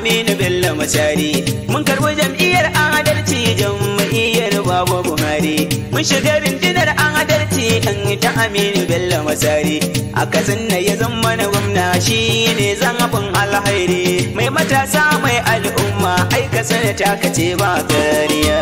Aminu Bello Masari mun karɓi jam'iyyar adalci jam'iyyar babu Buhari mun shiga rundunar adalci an ta Aminu Bello Masari aka sanna ya zama na gwamna shi ne zafin alhairi mai matasa mai al'umma aika sanata ka ce ba kariya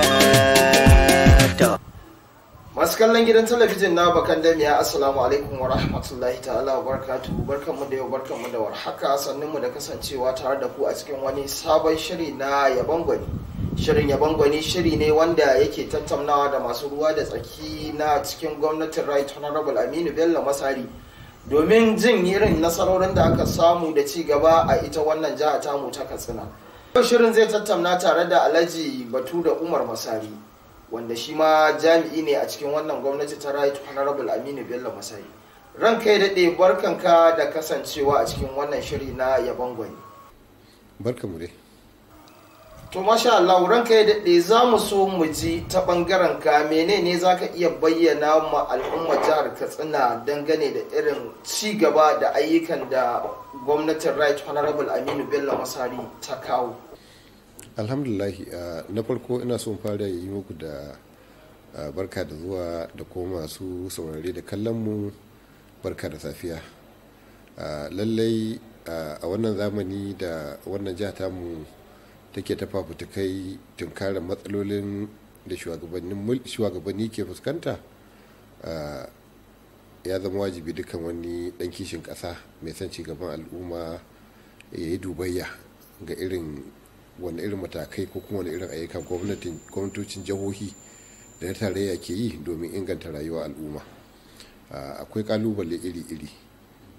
masu kallon gidan talabijin na bakan damiya assalamu alaikum wa rahmatullahi ta'ala wa barkatu barkanmu da yau barkanmu da warhaka sannunmu da kasancewa tare da ku a cikin wani sabon shiri na yaban gwani shirin yaban gwani shiri ne wanda yake tattaunawa da masu ruwa da tsaki na cikin gwamnatin right honorable aminu bello masari domin jin irin nasarorin da aka samu da ci gaba a ita wannan jiha tamu ta katsina yau shirin zai tattauna tare da alhaji batu da umar masari wanda shi ma jami'i ne a cikin wannan gwamnati ta right honorable aminu bello masai ranka ya daɗe barkanka da kasancewa a cikin wannan shiri na yabon gwani barkanmu dai to masha Allah ran kai daɗe za mu so mu ji ta ɓangaren ka menene za ka iya bayyana ma al'umma jihar katsina dangane da irin ci gaba da ayyukan da gwamnatin right honorable aminu bello masari ta kawo alhamdulahi na farko ina son fara yi muku da barka da zuwa da kuma masu saurari da kallon mu barka da safiya lallai a wannan zamani da wannan jiha mu take ta fafutukai tunkarar matsalolin da shugabanni ke fuskanta ya zama wajibi dukkan wani ɗan kishin ƙasa mai son cigaban al'umma ya yi dubayya ga irin wani irin matakai ko kuma wani irin ayyukan gwamnatocin jihohi da na tarayya ke yi domin inganta rayuwa al'umma akwai kalubale iri-iri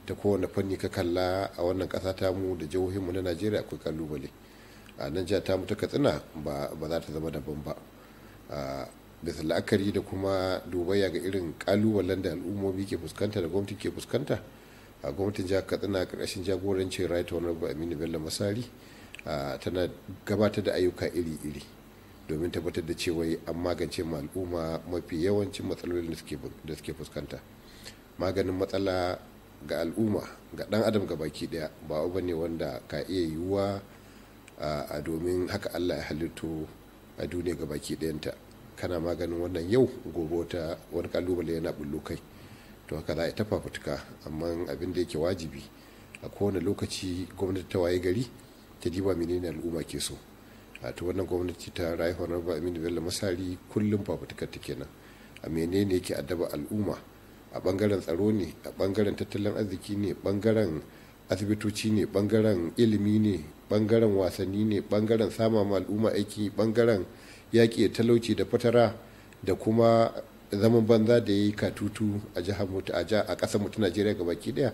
ta kowane fanni ka kalla a wannan kasa ta mu da jihohinmu na najeriya akwai kalubale a nan ta ta ta katsina ba za ta zama daban ba bisa la'akari da kuma dubayya ga irin kalubalen da al'ummomi ke fuskanta da gwamnati ke fuskanta a gwamnatin jihar katsina karkashin jagorancin right honorable aminu bello masari tana gabatar da ayyuka iri-iri domin tabbatar da cewa an magance al'umma mafi yawancin matsalolin da suke fuskanta maganin matsala ga al'umma ga dan adam ga baki daya ba ba ne wanda ka iya yiwuwa a domin haka allah ya halittu a duniya ga baki dayanta kana maganin wannan yau gobe wata wani kalubale yana bullo kai to haka za a ta fafutuka amma abin da yake wajibi a kowane lokaci gwamnati ta waye gari ta diba menene al'umma ke so a wannan gwamnati ta rayu honorable aminu bello masari kullum fafutukar ta kenan a menene yake addaba al'umma a bangaren tsaro ne a bangaren tattalin arziki ne bangaren asibitoci ne bangaren ilimi ne bangaren wasanni ne bangaren sama ma al'umma aiki bangaren yaƙi da talauci da fatara da kuma zaman banza da ya yi katutu a jihar a ƙasar mutu najeriya gabaki daya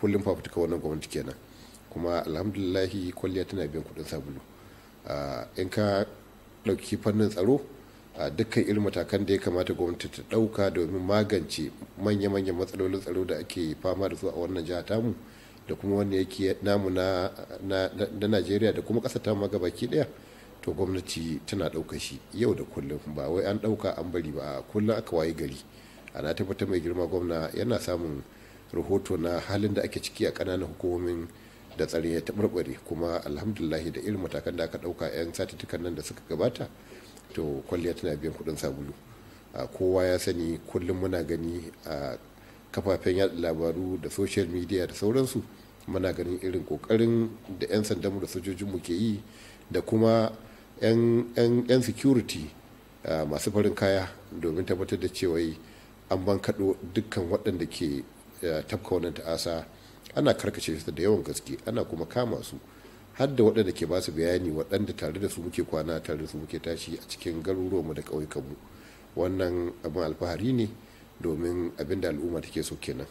kullum fafutuka wannan gwamnati kenan kuma alhamdulillahi kwalliya tana biyan kudin sabulu in ka ɗauki fannin tsaro a dukkan irin matakan da ya kamata gwamnati ta ɗauka domin magance manya-manyan matsalolin tsaro da ake fama da su a wannan jiha tamu da kuma wanda yake namu na najeriya da kuma kasa tamu ga baki ɗaya to gwamnati tana ɗauka shi yau da kullum ba wai an ɗauka an bari ba kullum aka waye gari a na tabbatar mai girma gwamna yana samun rahoto na halin da ake ciki a ƙananan hukumomin da tsare ya taɓarɓare kuma alhamdulahi da irin matakan da aka ɗauka 'yan satitukan nan da suka gabata to kwalliya tana biyan kuɗin sabulu kowa ya sani kullum muna gani a kafafen yada labaru da social media da sauransu muna ganin irin kokarin da 'yan mu da sojojin mu ke yi da kuma 'yan security masu farin kaya domin tabbatar da cewa an ban kaɗo dukkan waɗanda ke tafka wannan ta'asa ana karkace su da yawan gaske ana kuma kama su har waɗanda ke ba su bayani waɗanda tare da su muke kwana tare da su muke tashi a cikin garuruwanmu da ƙauyukanmu wannan abin alfahari ne domin abin da al'umma take so kenan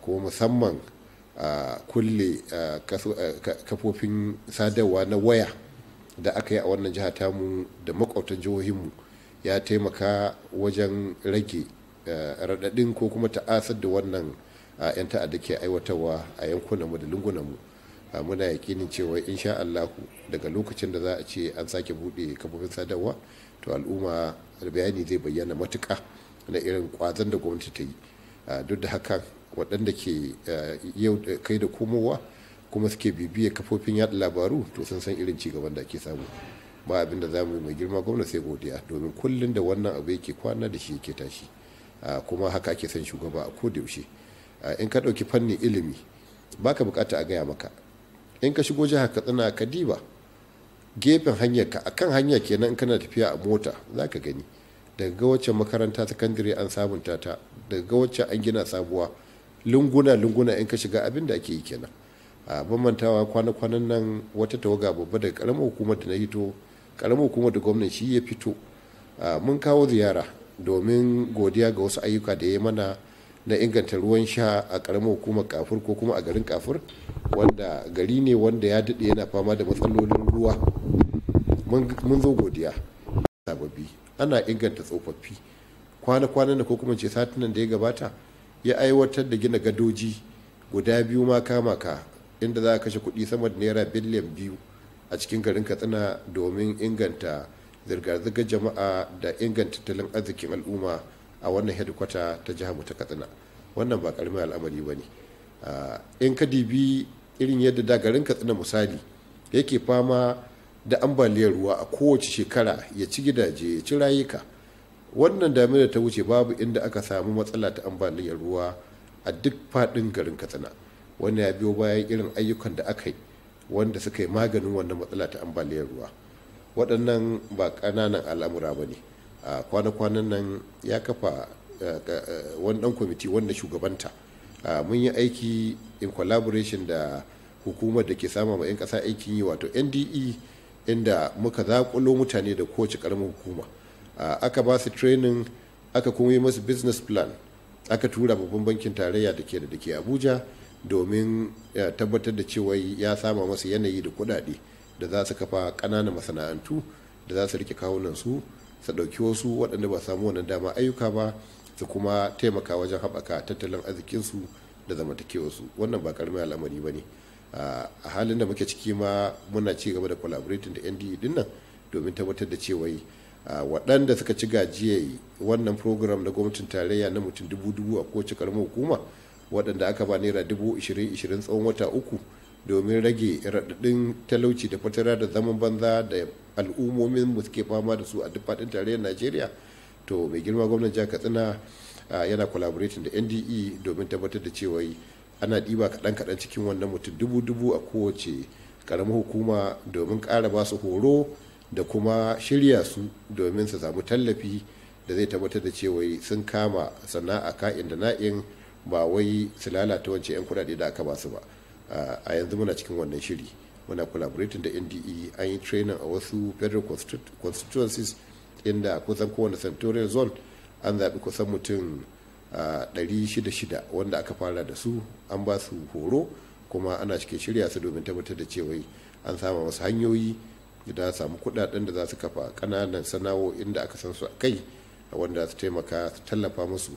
kuma musamman a kulle kafofin sadarwa na waya da aka yi a wannan jiha tamu da makwabtan jihohinmu ya taimaka wajen rage raɗaɗin ko kuma ta'asar da wannan 'yan ta'adda ke aiwatarwa a yankunanmu da lungunanmu muna yakinin cewa insha allahu daga lokacin da za a ce an sake buɗe kafofin sadarwa to al'umma bayani zai bayyana matuka na irin kwazon da gwamnati ta yi duk da haka waɗanda ke yau kai da komowa kuma suke bibiya kafofin yaɗa labaru to sun san irin gaban da ake samu ba abin da za mu yi mai girma gwamna sai godiya domin kullum da wannan abu yake kwana da shi yake tashi kuma haka ake son shugaba a koda yaushe Eh, in ka ɗauki fannin ilimi ba ka bukata a gaya maka in ka shigo jihar katsina ka diba gefen hanyar ka akan hanya kenan in kana tafiya a mota za ka gani daga ga wacce makaranta sakandare an sabunta ta daga ga an gina sabuwa lunguna lunguna in ka shiga abin da ake yi kenan a bambantawa kwana-kwanan nan wata tawaga babba daga karamar hukumar da na hito karamar hukumar da gwamnan shi ya fito mun kawo ziyara domin godiya ga wasu ayyuka da ya mana na inganta ruwan sha a karamar hukumar kafur ko kuma a garin kafur wanda gari ne wanda ya daɗe yana fama da matsalolin ruwa mun zo godiya sababbi ana inganta tsofaffi kwana kwana na ko kuma ce satinan da ya gabata ya aiwatar da gina gadoji guda biyu ma kama inda za a kashe kuɗi sama da naira biliyan biyu a cikin garin katsina domin inganta zirga-zirgar jama'a da inganta tattalin arzikin al'umma a wannan hedikwata ta jihar mu ta katsina wannan ba karamin al'amari ba ne in ka dibi irin yadda da garin katsina misali yake fama da ambaliyar ruwa a kowace shekara ya ci gidaje ya ci rayuka wannan damina ta wuce babu inda aka samu matsala ta ambaliyar ruwa a duk faɗin garin katsina wannan ya biyo bayan irin ayyukan da aka yi wanda suka yi maganin wannan matsala ta ambaliyar ruwa waɗannan ba ƙananan al'amura ba ne a kwana-kwanan nan ya kafa wani dan kwamiti wanda shugabanta mun yi aiki in collaboration da hukumar da ke sama ma 'yan kasa aikin yi wato nde inda muka zaƙulo mutane da kowace karamin hukuma aka ba su training aka kuma yi masu business plan aka tura babban bankin tarayya da ke da ke abuja domin tabbatar da cewa ya sama masu yanayi da kudade da za su kafa ƙananan masana'antu da za su rike kawunan su su ɗauki wasu waɗanda ba samu wannan dama ayyuka ba su kuma taimaka wajen haɓaka tattalin arzikinsu da zamantakewarsu wannan ba ƙaramin al'amari ba ne a halin da muke ciki ma muna ci gaba da collaborating da nda e din nan domin tabbatar da cewa waɗanda suka ci gajiya wannan program na gwamnatin tarayya na mutum dubu dubu a kowace karamin hukuma waɗanda aka ba naira dubu ishirin ishirin tsawon wata uku domin rage raɗaɗin talauci da fatara da zaman banza da al'ummomin mu suke fama da su a duk faɗin tarayyar najeriya to mai girma gwamnan jihar katsina yana collaborating da nde domin tabbatar da cewa ana ɗiba kaɗan kaɗan cikin wannan mutum dubu dubu a kowace ƙaramin hukuma domin ƙara ba su horo da kuma shirya su domin su samu tallafi da zai tabbatar da cewa sun kama sana'a ka'in da na'in ba wai su lalata wancan 'yan kuɗaɗe da aka ba su ba a yanzu muna cikin wannan shiri. muna collaborating da nde an yi trainin' a wasu federal constituencies inda kusan kowane senatorial zone an zaɓi kusan mutum 600 wanda aka fara da su an ba su horo kuma ana cike shirya su domin tabbatar da cewa an samu wasu hanyoyi da samu kudaden da za su kafa kananan sana'o'in da aka san su a kai wanda su taimaka su tallafa musu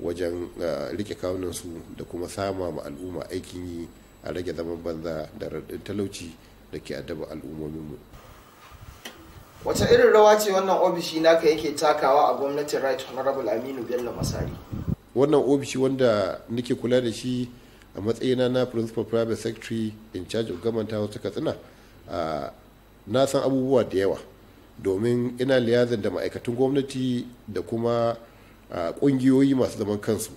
wajen rike kawunan su da kuma sama ma al'umma aikin yi a rage zaman banza da raɗin talauci da ke al'ummomin al'ummominmu wace irin rawa ce wannan ofishi naka yake takawa a gwamnatin right honorable aminu bello masari wannan ofishi wanda nake kula da shi a matsayina na principal private secretary in charge of government house katsina na san abubuwa da yawa domin ina liyazin da ma'aikatan gwamnati da kuma ƙungiyoyi masu zaman kansu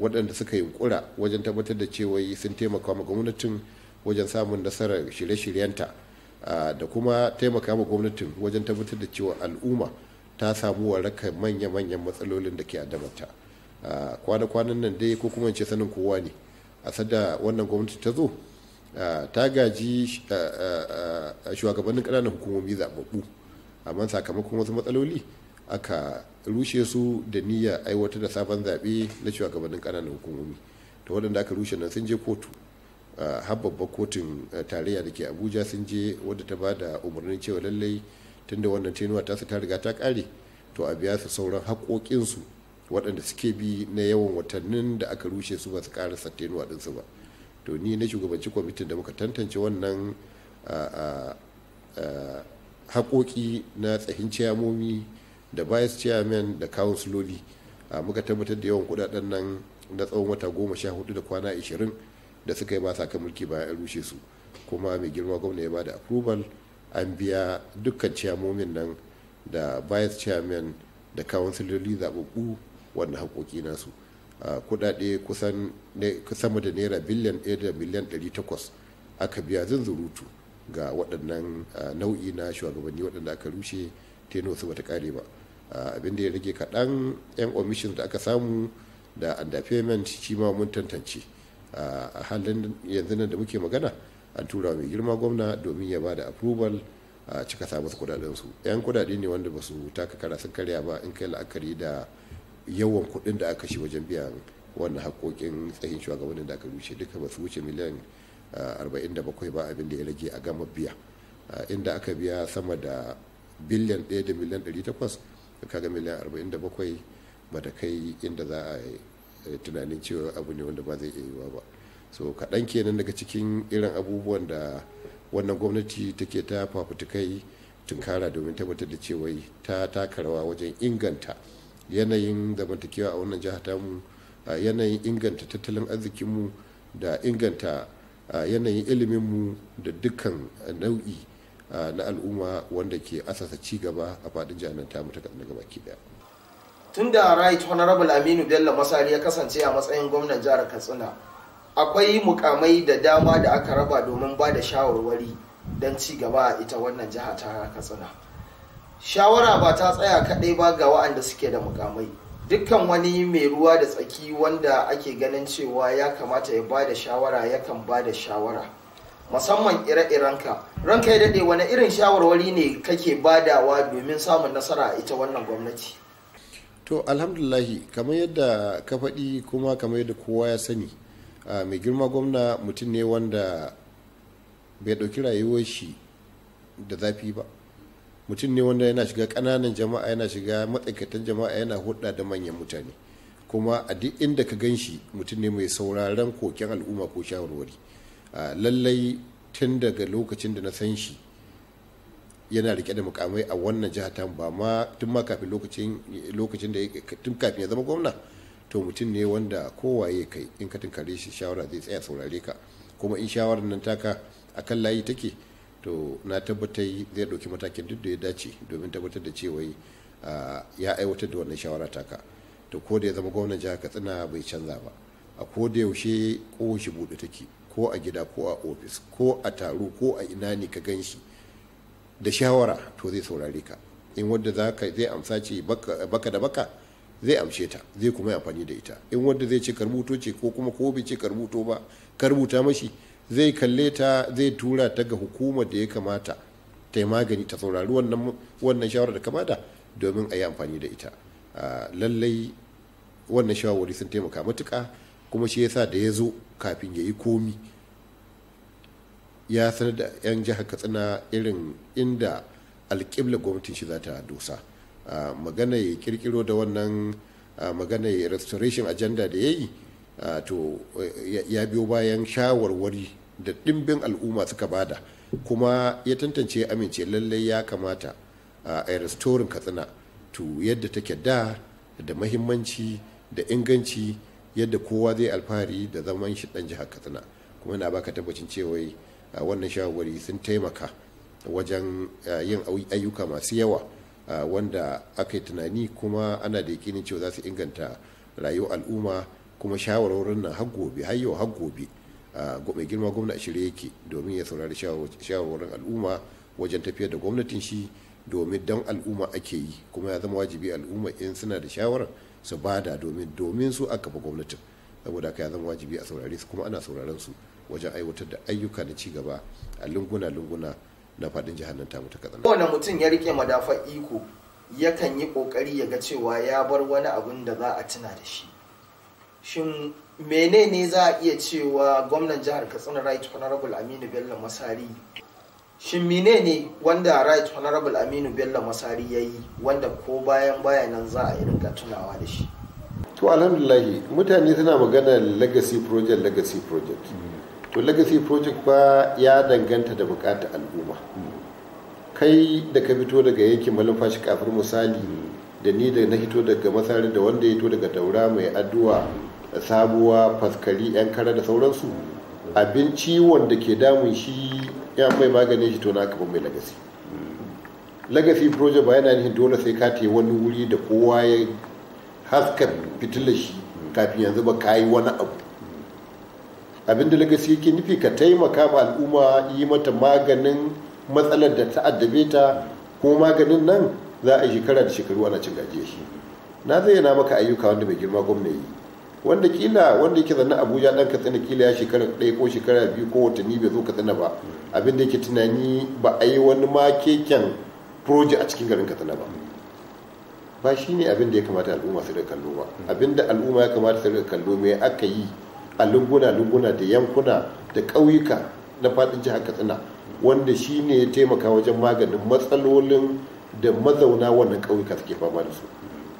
waɗanda suka yi kura wajen tabbatar da cewa sun taimaka wa gwamnatin wajen samun nasarar shirye-shiryenta da kuma taimaka ma gwamnatin wajen tabbatar da cewa al'umma ta samu waraka manya-manyan matsalolin da ke addabarta kwana-kwanan nan dai ko kuma ce sanin kowa ne a sada wannan gwamnati ta zo ta gaji shugabannin ƙananan hukumomi zaɓaɓɓu amma sakamakon wasu matsaloli aka rushe su da niyyar aiwatar da sabon zaɓe na shugabannin ƙananan hukumomi ta waɗanda aka rushe nan sun je kotu a babbar kotun tarayya da ke abuja sun je wadda ta ba da umarnin cewa lallai tunda wannan tenuwa tasu ta riga ta ƙare to a biya su sauran haƙoƙinsu waɗanda suke bi na yawan watannin da aka rushe su ba su ƙarasa tenuwa ɗinsu ba to ni na shugabanci kwamitin da muka tantance wannan haƙoƙi na tsahin ciyamomi da vice chairman da a muka tabbatar da yawan kudaden nan na tsawon wata goma sha hudu da kwana ashirin da suka yi ba sa kan mulki bayan rushe su kuma mai girma gwamna ya ba da approval an biya dukkan ciyamomin nan da vice chairman da counciloli zaɓaɓɓu wannan haƙoƙi nasu kuɗaɗe kusan sama da naira biliyan ɗaya da miliyan ɗari takwas aka biya zunzurutu ga waɗannan nau'i na shugabanni waɗanda aka rushe teno su bata kare ba Ah, abin da ya rage kaɗan yan omishin da aka samu da underpayment shi ma mun tantance ah, a halin yanzu nan da muke magana an tura mai girma gwamna domin ya ba da approval a cika sa musu kudaden su yan kudade ne wanda ba su taka kara sun karya ba in kai la'akari da yawan kuɗin da aka shi wajen biyan wannan haƙoƙin tsayin shugabannin da aka wuce duka ba su wuce miliyan 47 ah, ba abin da ya rage a gama biya inda aka biya sama da biliyan 1 da miliyan 800 kaga miliyan 47 bata kai inda za a eh, tunanin cewa abu ne wanda ba zai iya yiwa ba so kaɗan kenan daga cikin irin abubuwan da wannan gwamnati take ta fafutukai tunkara domin tabbatar da cewa ta taka rawa wajen inganta yanayin zamantakewa a wannan jihar mu yanayin inganta tattalin arzikin mu da inganta yanayin ilimin mu da dukkan nau'i na al'umma wanda ke asasa ci gaba a fadin jami'an mutu ta kaduna gabaki daya tun da right honorable aminu bello masari ya kasance a matsayin gwamnan jihar katsina akwai mukamai da dama da aka raba domin ba da shawarwari don cigaba a ita wannan jiha ta katsina shawara ba ta tsaya kaɗai ba ga wa'anda suke da mukamai dukkan wani mai ruwa da tsaki wanda ake ganin cewa ya kamata ya ba da shawara yakan ba da shawara musamman ire-irenka ranka ya daɗe wani irin shawarwari ne kake badawa domin samun nasara a ita wannan gwamnati to alhamdulahi kamar yadda ka faɗi kuma kamar yadda kowa ya sani mai girma gwamna mutum ne wanda bai ɗauki rayuwar shi da zafi ba mutum ne wanda yana shiga ƙananan jama'a yana shiga matsakaitan jama'a yana hudda da manyan mutane kuma a duk inda ka gan shi mutum ne mai sauraron koken al'umma ko shawarwari Ah, lallai tun daga lokacin da na san shi yana rike da mukamai a wannan jihar ta ba ma tun ma kafin lokacin da tun kafin ya zama gwamna to mutum ne wanda kowaye kai in ka tunkare shi shawara zai tsaya saurare ka kuma in shawarar nan taka akan layi take to na tabbatai zai ɗauki matakin duk da ya dace domin tabbatar da cewa ah, ya aiwatar da wannan shawara taka to ko da ya zama gwamnan jihar katsina bai canza ba a ko da yaushe kowace shi buɗe take ko a gida ko a ofis ko a taro ko a ina ne ka gan shi da shawara to zai saurare ka in wadda za ka zai amsa ce baka da baka zai amshe ta zai kuma amfani da ita in wadda zai ce karbuto ce ko kuma ko bai ce karbuto ba karbuta mashi zai kalle ta zai tura ta ga hukumar da ya kamata ta yi magani ta saurari wannan wannan shawarar da kamata domin a yi amfani da ita ah, lallai wannan shawarwari sun taimaka matuka kuma shi yasa da ya zo kafin ya yi komi ya sanar da 'yan jihar katsina irin inda alƙibla gwamnatin shi za ta dosa magana ya kirkiro da wannan magana ya restoration agenda da ya yi to ya biyo bayan shawarwari da ɗimbin al'umma suka bada kuma ya tantance amince lallai ya kamata a restoring katsina to yadda take da da mahimmanci da inganci yadda kowa zai alfahari da zaman shi dan jihar katsina kuma na baka tabbacin cewa wannan shawarwari sun taimaka wajen yin ayyuka masu yawa wanda aka yi tunani kuma ana da yakinin cewa za su inganta rayuwar al'umma kuma shawarwarin nan har gobe har yau har gobe mai girma gwamna shirye yake domin ya saurari shawarwarin al'umma wajen tafiyar da gwamnatin shi domin don al'umma ake yi kuma ya zama wajibi al'umma in suna da shawarar su bada domin domin su aka fi gwamnatin saboda ka ya zama wajibi a saurare su kuma ana sauraron su wajen aiwatar da ayyuka na cigaba a lunguna-lunguna na faɗin jihar nan ta ta katsina. kowane mutum ya rike madafa iko yakan yi ƙoƙari ya ga cewa ya bar wani abun da za a tuna da shi shin menene za a iya cewa gwamnan jihar katsina right honorable aminu bello masari shin menene ne wanda right honorable aminu bello masari ya yi wanda ko bayan bayanan za a yi tunawa da shi to alhamdulahi mutane suna magana legacy project legacy project to legacy project ba ya danganta da bukata al'umma kai da ka fito daga yankin malumfashi kafin misali da ni da na hito daga masari da wanda ya hito daga daura mai addu'a sabuwa faskari yan kara da sauransu abin ciwon da ke damun shi in an mai maganin shi to na kafa mai lagasi lagasi project ba yana nihin dole sai ka te wani wuri da kowa ya haska fitilar shi kafin yanzu ba ka yi wani abu abinda lagasi yake nufi ka taimaka ma al'umma yi mata maganin matsalar da ta addabe ta ko maganin nan za a yi shekara da shekaru ana cin gajiya shi na yana maka ayyuka wanda mai girma gwamna yi wanda kila wanda yake zanna abuja dan katsina kila ya shekara ɗaya ko shekara biyu ko watanni bai zo katsina ba abin da yake tunani ba a yi wani ma keken proje a cikin garin katsina ba ba shi ne abin da ya kamata al'umma su da kallo ba abin da al'umma ya kamata su da kallo mai aka yi a lunguna lunguna da yankuna da ƙauyuka na faɗin jihar katsina wanda shi ne ya taimaka wajen maganin matsalolin da mazauna wannan ƙauyuka suke fama da su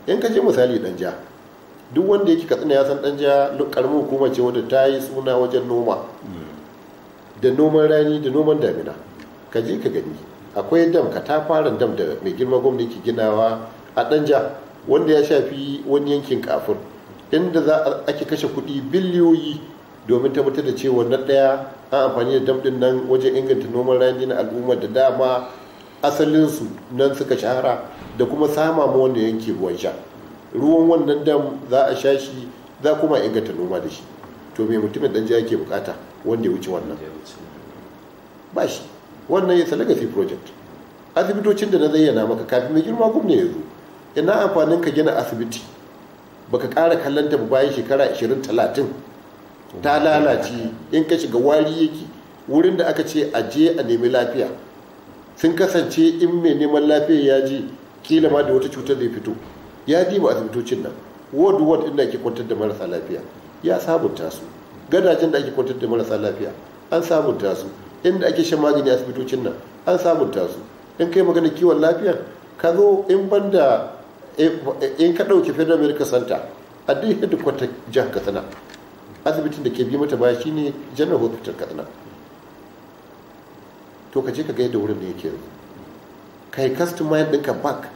in ka je misali ɗan ja duk wanda yake katsina ya san jiya karamin hukuma ce wadda ta yi suna wajen noma da noman rani da noman damina ka je ka gani akwai dam ka ta fara dam da mai girma gwamna yake ginawa a danja wanda ya shafi wani yankin kafin inda za ake kashe kuɗi biliyoyi domin tabbatar da cewa na ɗaya an amfani da dam nan wajen inganta noman rani na al'ummar da dama asalinsu nan suka shahara da kuma sama ma wanda yanke ruwan sha ruwan wannan dam za a sha shi za kuma inganta noma da shi to me mutumin dan ke bukata wanda ya wuce wannan ba shi wannan ya legacy project asibitocin da na zayyana maka kafin mai girma gwamna ya zo ina amfanin ka gina asibiti baka kara kallon ta bayan shekara 20 30 ta lalace in ka shiga wari yake wurin da aka ce a je a nemi lafiya sun kasance in mai neman lafiya ya ji kila ma da wata cutar zai fito ya diba asibitocin nan ward ward inda ake kwantar da marasa lafiya ya sabunta su gadajen da ake kwantar da marasa lafiya an sabunta su inda ake shan magani asibitocin nan an sabunta su in kai magana kiwon lafiya ka zo in banda in ka ɗauke federal medical center a duk kwata jihar katsina asibitin da ke bi mata baya shine general hospital katsina to ka je ka ga yadda wurin da yake yanzu kai customer ɗinka back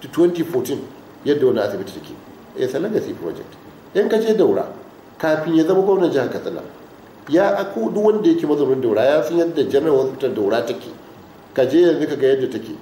to 2014 yadda wani asibiti take a eh, salagasi project in ka je daura kafin ya zama gwamnan jihar katsina ya ako duk wanda yake mazaunin daura ya san yadda general hospital daura take ka je yanzu ka ga yadda take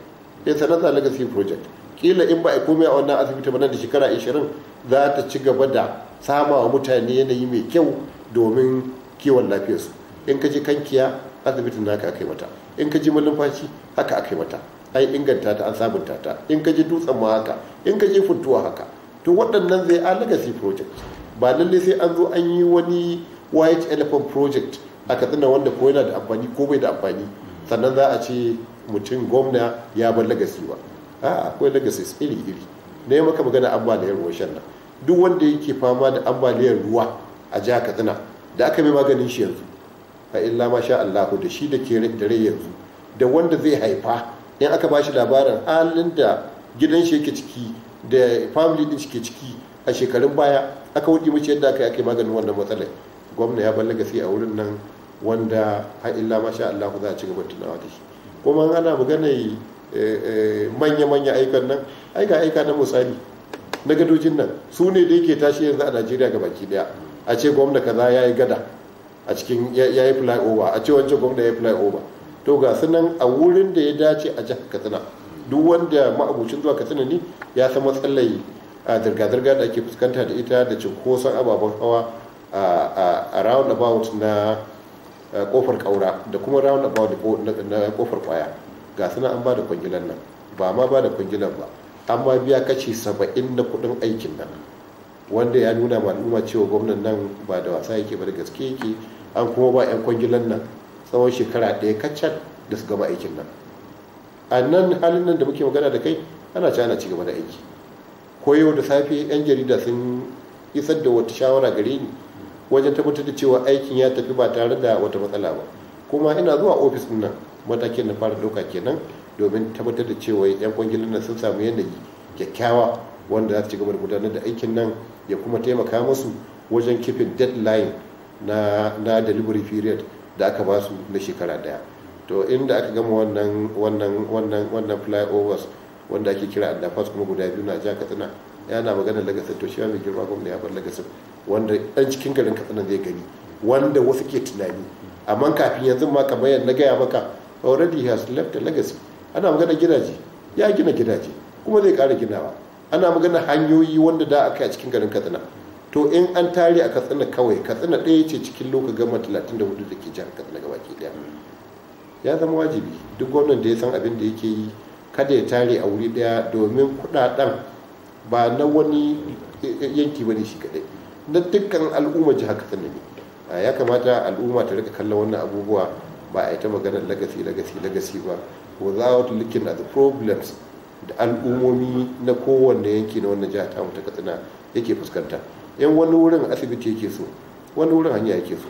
eh, a na legacy project kila in ba a komai a wannan asibiti ba nan da shekara 20 za ta ci gaba da sama wa mutane yanayi mai kyau domin kiwon lafiyarsu in ka je kankiya asibitin naka aka yi mata in ka ji malumfashi haka aka yi mata an inganta ta an sabunta ta in ka ji dutsen ma haka in ka ji funtuwa haka to waɗannan zai a legacy project ba lalle sai an zo an yi wani white elephant project a katsina wanda ko yana da amfani ko bai da amfani sannan za a ce mutum gwamna ya bar legacy ba a akwai legacy iri iri na yi maka magana ambaliyar ruwa shan nan duk wanda yake fama da ambaliyar ruwa a jihar katsina da aka mai maganin shi yanzu a illa masha allahu da shi da ke da rai yanzu da wanda zai haifa in aka ba shi labarin halin da gidan shi yake ciki da family din shi ke ciki a shekarun baya aka wuce mace yadda aka yi ake maganin wannan matsalar gwamna ya ballaga gasi a wurin nan wanda har illa masha Allah za a ci gaba tunawa da shi kuma ana magana eh, eh, manya-manya aikan nan aika aika na misali na gadojin nan su ne da yake tashi yanzu a Najeriya ga baki daya a ce gwamna kaza ya yi gada a cikin ya yi flyover a ce wancan gwamna ya yi flyover to ga sunan a wurin da ya dace a jihar katsina duk wanda ma'abucin zuwa katsina ne ya san matsalai a zirga-zirga da ake fuskanta da ita da cinkoson ababen hawa a round about na kofar kaura da kuma round about na kofar kwaya ga suna an ba da kwangilan nan ba ma ba da kwangilan ba an ma biya kashi saba'in na kudin aikin nan wanda ya nuna ma al'umma cewa gwamnan nan ba da wasa yake ba da gaske yake an kuma ba 'yan kwangilan nan tsawon shekara ɗaya kacal da su gama aikin nan a nan halin nan da muke magana da kai ana ci ana ci gaba da aiki ko yau da safe yan jarida sun isar da wata shawara gare ni wajen tabbatar da cewa aikin ya tafi ba tare da wata matsala ba kuma ina zuwa ofis nan matakin na fara doka kenan domin tabbatar da cewa yan kwangilan nan sun samu yanayi kyakkyawa wanda za su ci gaba da gudanar da aikin nan ya kuma taimaka musu wajen kifin deadline na, na delivery period da aka ba su na shekara daya to inda aka gama wannan wannan wannan wannan flyovers wanda ake kira underpass kuma guda biyu na jihar katsina yana magana lagasin to shi mai girma gwamna ya bar lagasin wanda dan cikin garin katsina zai gani wanda wasu ke tunani amma kafin yanzu ma kamar yadda na gaya maka already has left the legacy ana magana gidaje ya gina gidaje kuma zai kara ginawa ana magana hanyoyi wanda da aka yi a cikin garin katsina to in an tare a katsina kawai katsina ɗaya ce cikin loka gama 34 da ke jihar katsina gaba ke ɗaya ya zama wajibi duk gwamnan da ya san abin da yake yi kada ya tare a wuri daya domin kuɗaɗen ba na wani yanki ba shi kaɗai na dukkan al'umma jihar katsina ne ya kamata al'umma ta rika kallon wannan abubuwa ba a yi ta maganar lagasi lagasi lagasi ba without looking at the problems da al'ummomi na kowanne yanki na wannan jihar tamu ta katsina yake fuskanta yan wani wurin asibiti yake so wani wurin hanya yake so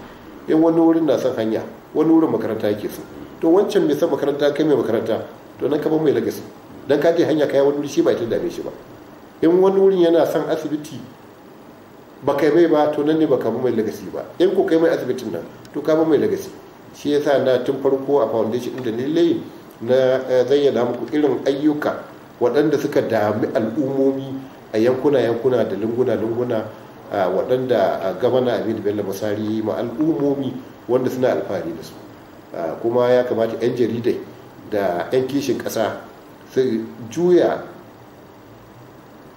yan wani wurin na son hanya wani wurin makaranta yake so to wancan mai son makaranta kai mai makaranta to nan kaman mai lagasi dan ka je hanya kai wani wuri shi ba ta dame shi ba in wani wurin yana son asibiti ba kai mai ba to nan ne ba ka mai lagasi ba in ko kai mai asibitin nan to ka mai lagasi shi yasa na tun farko a foundation da ne na eh, zayyana muku irin ayyuka waɗanda suka dami al'ummomi a yankuna yankuna da lunguna lunguna waɗanda gabana abin bello masari ma al'ummomi wanda suna alfahari da su kuma ya kamata 'yan jaridai da 'yan kishin ƙasa su juya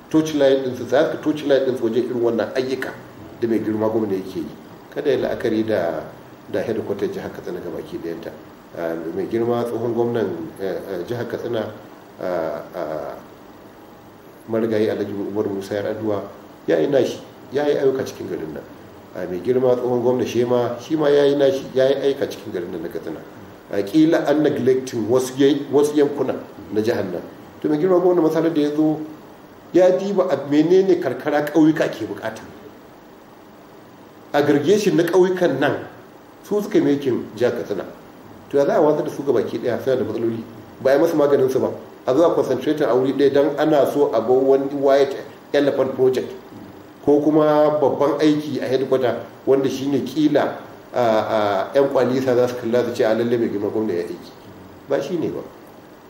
torchlight ɗinsu za su torchlight ɗinsu wajen irin wannan ayyuka da mai girma gwamna yake yi kada ya la'akari da da headquarter jihar katsina ga baki dayanta mai girma tsohon gwamnan eh, eh, jihar katsina marigayi alhaji umar musa yaraduwa aduwa ya ina shi ya yi aika cikin garin nan a mai girma tsohon gwamna shi ma shi ma ya yi aika cikin garin nan na katsina a kila an neglecting wasu yankuna na jihar nan to mai girma gwamna masarar da ya zo ya diba a menene karkara ƙauyuka ke bukata a gargeshin na ƙauyukan nan su suka mekin jihar katsina to ya za a da su ga baki daya suna da matsaloli ba ya masu maganin su ba a zuwa concentrator a wuri ɗaya don ana so a ga wani wyatt elephant project ko kuma babban aiki a headquarter wanda shine kila a yan kwalisa za su kalla su ce a lalle mai girma gwamna ya aiki ba shi ne ba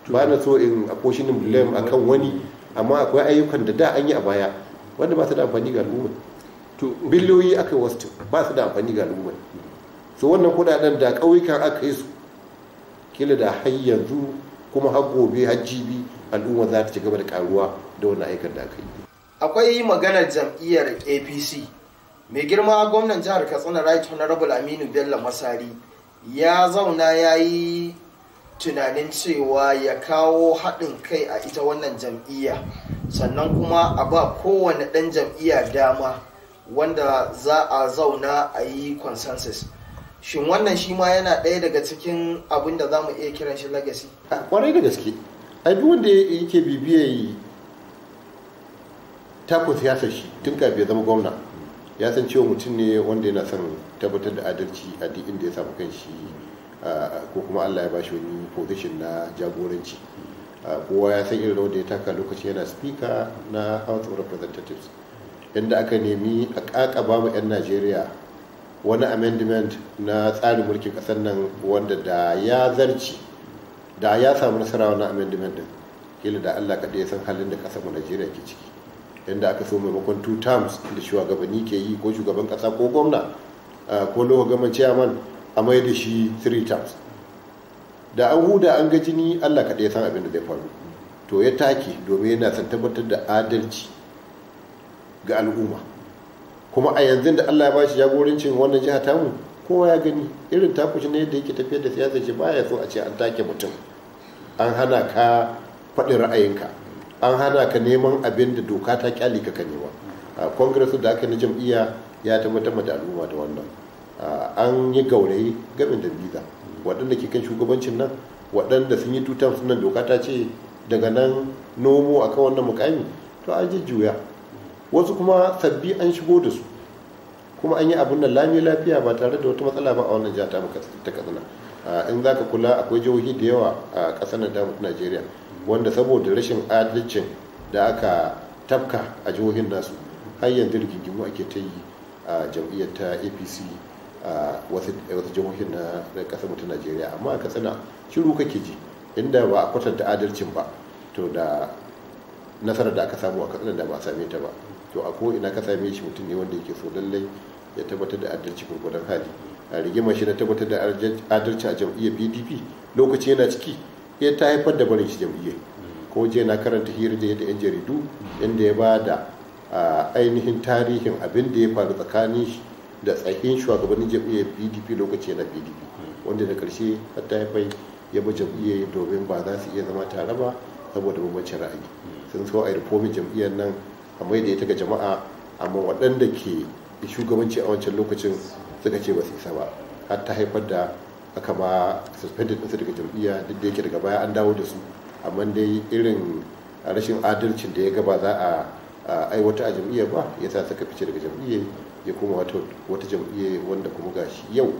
ba na so in koshin blame a kan wani amma akwai ayyukan da da an yi a baya wanda ba su da amfani ga al'umma biliyoyi aka yi wasu ba su da amfani ga al'umma so wannan kudaden da ƙauyukan aka yi su kila da har yanzu kuma har gobe har jibi al'umma za ta ci gaba da karuwa da wannan aikin da aka yi akwai maganar jam'iyyar apc mai girma gwamnan jihar katsina right honorable aminu bello masari ya zauna ya yi tunanin cewa ya kawo haɗin kai a ita wannan jam'iyya sannan kuma a ba kowane ɗan jam'iyya dama wanda za a zauna a yi consensus shin wannan shi ma yana ɗaya daga cikin abin da za mu iya kiran shi legacy kwarai da gaske ai wanda yake bibiyar ya san shi tun kafin ya zama gwamna ya san cewa mutum ne wanda yana son tabbatar da adalci a duk inda ya samu kanshi ko kuma allah ya ba bashi wani position na jagoranci kowa ya san irin wanda ya taka lokaci yana speaker na house of representatives inda aka nemi a ba mu 'yan najeriya wani amendment na tsarin mulkin kasar nan wanda da ya zarci da ya samu nasara wani amendment din kila da allah kaɗai ya san halin da ƙasar najeriya ke ciki yadda aka so maimakon two terms da shugabanni ke yi ko shugaban kasa ko gwamna ko lowa gama chairman a mai da shi three terms da an huda an ga jini allah kaɗai ya san abin da zai faru to ya take domin yana san tabbatar da adalci ga al'umma kuma a yanzu da allah ya ba shi jagorancin wannan jiha tamu kowa ya gani irin takushi ne yadda yake tafiya da siyasar shi baya so a ce an take mutum an hana ka faɗin ra'ayinka an hana ka neman abin da doka ta kyale ka kanewa a congress da aka na jam'iyya ya tabbatar da al'umma da wannan an yi gaurayi gamin da biza waɗanda ke kan shugabancin nan waɗanda sun yi tutan sunan doka ta ce daga nan nomo kan wannan mukami to an juya wasu kuma sabbi an shigo da su kuma an yi abin nan lami lafiya ba tare da wata matsala ba a wannan jiha ta kasana in za ka kula akwai jihohi da yawa a ƙasar ta najeriya wanda saboda rashin adalcin da aka tafka a jihohin nasu har yanzu rigingimu ake ta yi a jam'iyyar ta apc a wasu jihohin na kasar mutum najeriya amma a katsina shiru kake ji inda ba a kwatanta adalcin ba to da nasarar da aka samu a katsina da ba a same ta ba to a ko'ina ka same shi mutum ne wanda yake so lallai ya tabbatar da adalci gurgudan hali a rigimar shi na tabbatar da adalci a jam'iyyar pdp lokaci yana ciki ya ta haifar da barin shi jam'iyyar. ko je na karanta hira da yadda yan jaridu inda ya ba da ainihin tarihin abin da ya faru tsakanin shi da tsakin shugabannin jam'iyyar pdp lokaci na pdp wanda da karshe ta haifai ya bi jam'iyyar domin ba za su iya zama tare ba saboda bambancin ra'ayi sun so a rufomin jam'iyyar nan a mai da ya ga jama'a amma waɗanda ke shugabanci a wancan lokacin suka ce ba su isa ba har ta haifar da aka ma suspended ɗinsu daga jam'iyya duk da yake daga baya an dawo da su amma dai irin rashin adalcin da ya gaba za a aiwata a jam'iyya ba ya sa suka fice daga jam'iyya ya kuma wata jam'iyya wanda kuma gashi yau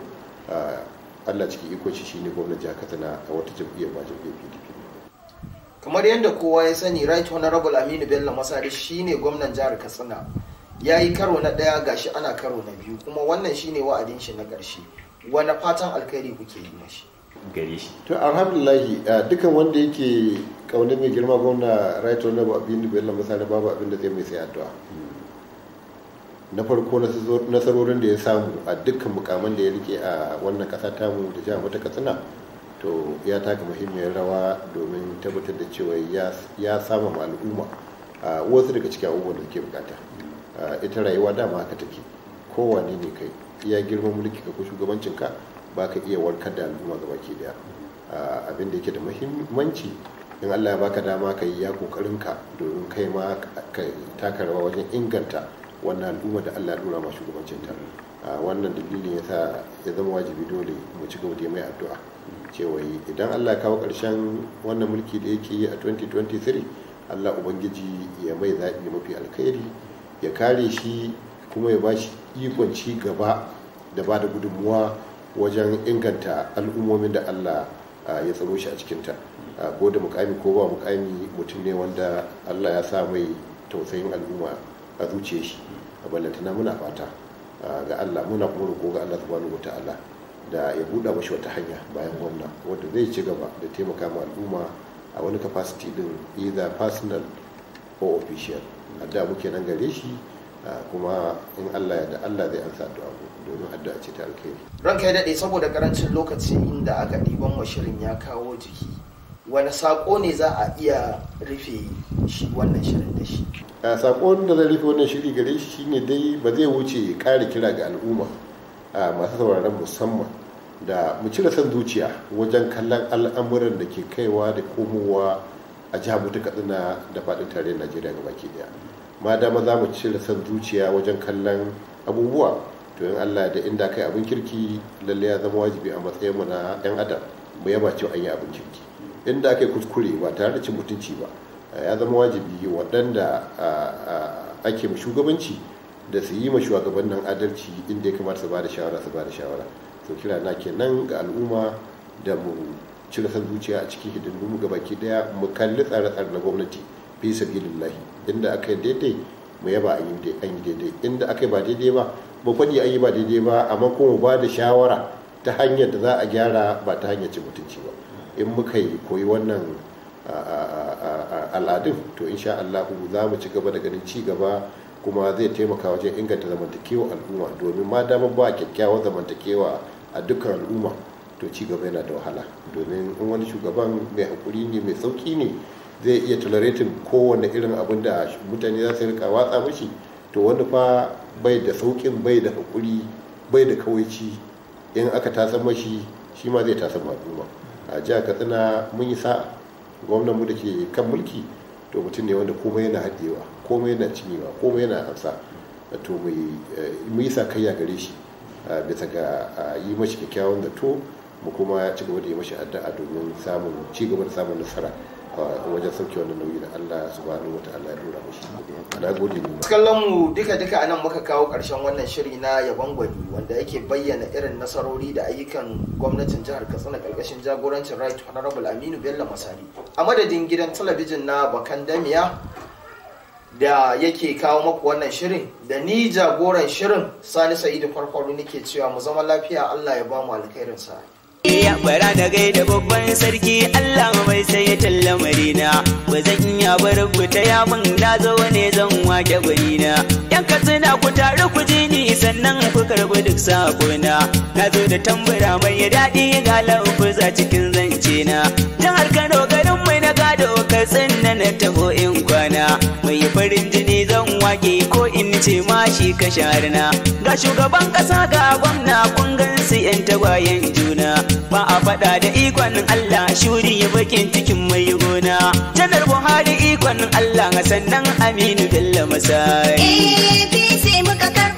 allah ciki iko shi shine gwamnan jihar katsina a wata jam'iyya ba jam'iyyar pdp kamar yadda kowa ya sani right honorable aminu bello masari shine gwamnan jihar katsina ya yi karo na ɗaya gashi ana karo na biyu kuma wannan shi ne wa'adin shi na ƙarshe wani fatan alkhairi kuke yi mashi gare shi to alhamdulillahi dukan wanda yake kauna mai girma gwamna right on babu abin da bayan masana babu abin da zai mai sai addu'a hmm. na farko nasarorin da ya samu a dukkan mukaman da ya rike a wannan kasa tamu da jihar mata katsina to ya taka muhimmiyar rawa domin tabbatar da cewa ya sama al'umma a wasu daga cikin abubuwan da ke bukata ita rayuwa dama haka take kowane ne kai iya girman mulki ka ko shugabancin ka ba ka iya warkar da al'umma gaba ke daya abin da yake da muhimmanci in allah ya baka dama ka yi ya kokarin ka domin kai ma ka taka rawa wajen inganta wannan al'umma da allah ya dora ma shugabancin ta wannan dalilin ya sa ya zama wajibi dole mu ci gaba da mai addu'a cewa idan allah ya kawo karshen wannan mulki da yake yi a 2023 allah ubangiji ya mai zaɓi mafi alkhairi ya kare shi kuma ya bashi ikon ci gaba da ba da gudunmuwa wajen inganta al'ummomin da allah ya tsaro shi a cikinta ko da mukami ko ba mukami mutum ne wanda allah ya sa mai tausayin al'umma a zuciya shi a ballantana muna fata ga allah muna kuma roƙo ga allah subhanahu wa da ya buɗa mashi wata hanya bayan wannan wanda zai ci gaba da taimaka ma al'umma a wani capacity din either personal ko official a da muke nan gare shi kuma in Allah da Allah zai ansa addu'a domin addu'a ce ta alkhairi ranka ya dade saboda karancin lokaci inda aka diban wa shirin ya kawo jiki wani sako ne za a iya rufe shi wannan shirin da shi a sako da zai rufe wannan shiri gare shi shine dai ba zai wuce kare kira ga al'umma a masu sauraron musamman da mu cire son zuciya wajen kallon al'amuran da ke kaiwa da komowa a jihar mutu katsina da faɗin tare najeriya baki daya ma dama za mu cire san zuciya wajen kallon abubuwa to in allah da inda kai abin kirki lalle ya zama wajibi a matsayinmu na yan adam mu yaba cewa an yi abin kirki inda aka yi kuskure ba tare da cin mutunci ba ya zama wajibi waɗanda ake mu shugabanci da su yi ma nan adalci inda ya kamata su ba da shawara su ba da shawara to kira na kenan ga al'umma da mu cire san zuciya a cikin mu gabaki daya mu kalli tsare-tsare na gwamnati fi sabilillahi inda aka yi daidai mu yaba an yi daidai inda aka yi ba daidai ba mu faɗi an yi ba daidai ba amma kuma ba da shawara ta hanyar da za a gyara ba ta hanyar ci mutunci ba in muka yi koyi wannan al'adun to insha Allah za mu ci gaba da ganin ci gaba kuma zai taimaka wajen inganta zamantakewa al'umma domin ma damar ba kyakkyawar zamantakewa a dukkan al'umma to ci gaba yana da wahala domin in wani shugaban mai hakuri ne mai sauki ne zai iya tolerating kowane irin abin da mutane za su rika watsa mashi to wani fa bai da saukin bai da hakuri bai da kawaici in aka tasar mashi shi ma zai tasar al'umma a jiya katsina mun yi sa'a gwamnan mu da ke kan mulki to mutum ne wanda komai yana haɗewa komai yana cinyewa komai yana amsa to mu yi eh, sa kayya gare shi bisa ga yi mashi kyakkyawan zato mu kuma ci gaba da yi mashi addu'a domin samun ci gaba da samun nasara wajen sauke wani nauyi da Allah ni wa ta'ala ya dora shi ana gode ne kallon mu duka duka anan muka kawo karshen wannan shiri na yaban gwani wanda yake bayyana irin nasarori da ayyukan gwamnatin jihar Katsina karkashin jagorancin Right Honorable Aminu Bello Masari a madadin gidan talabijin na bakandamiya da yake kawo maku wannan shirin da ni jagoran shirin Sani Sa'idu farfaro nake cewa mu zama lafiya Allah ya ba mu sa ya bara na da babban sarki Allah mai sai ya talla marina ba zan iya bar ku ta ya mun na zo ne zan wake na yan katsina ku tare ku ji ni sannan ku karbi duk sakona na zo da tambura mai daɗi ga za cikin zance na jihar Kano garin mai na gado Katsina na taho in kwana mai farin jini zan wage ko in ce ma shi ka sharina ga shugaban kasa ga gwamna kun su yan tagwayen juna ba a faɗa da ikon Allah shuri ya bakin cikin mai gona janar Buhari ikon Allah sannan Aminu Bello Masai APC muka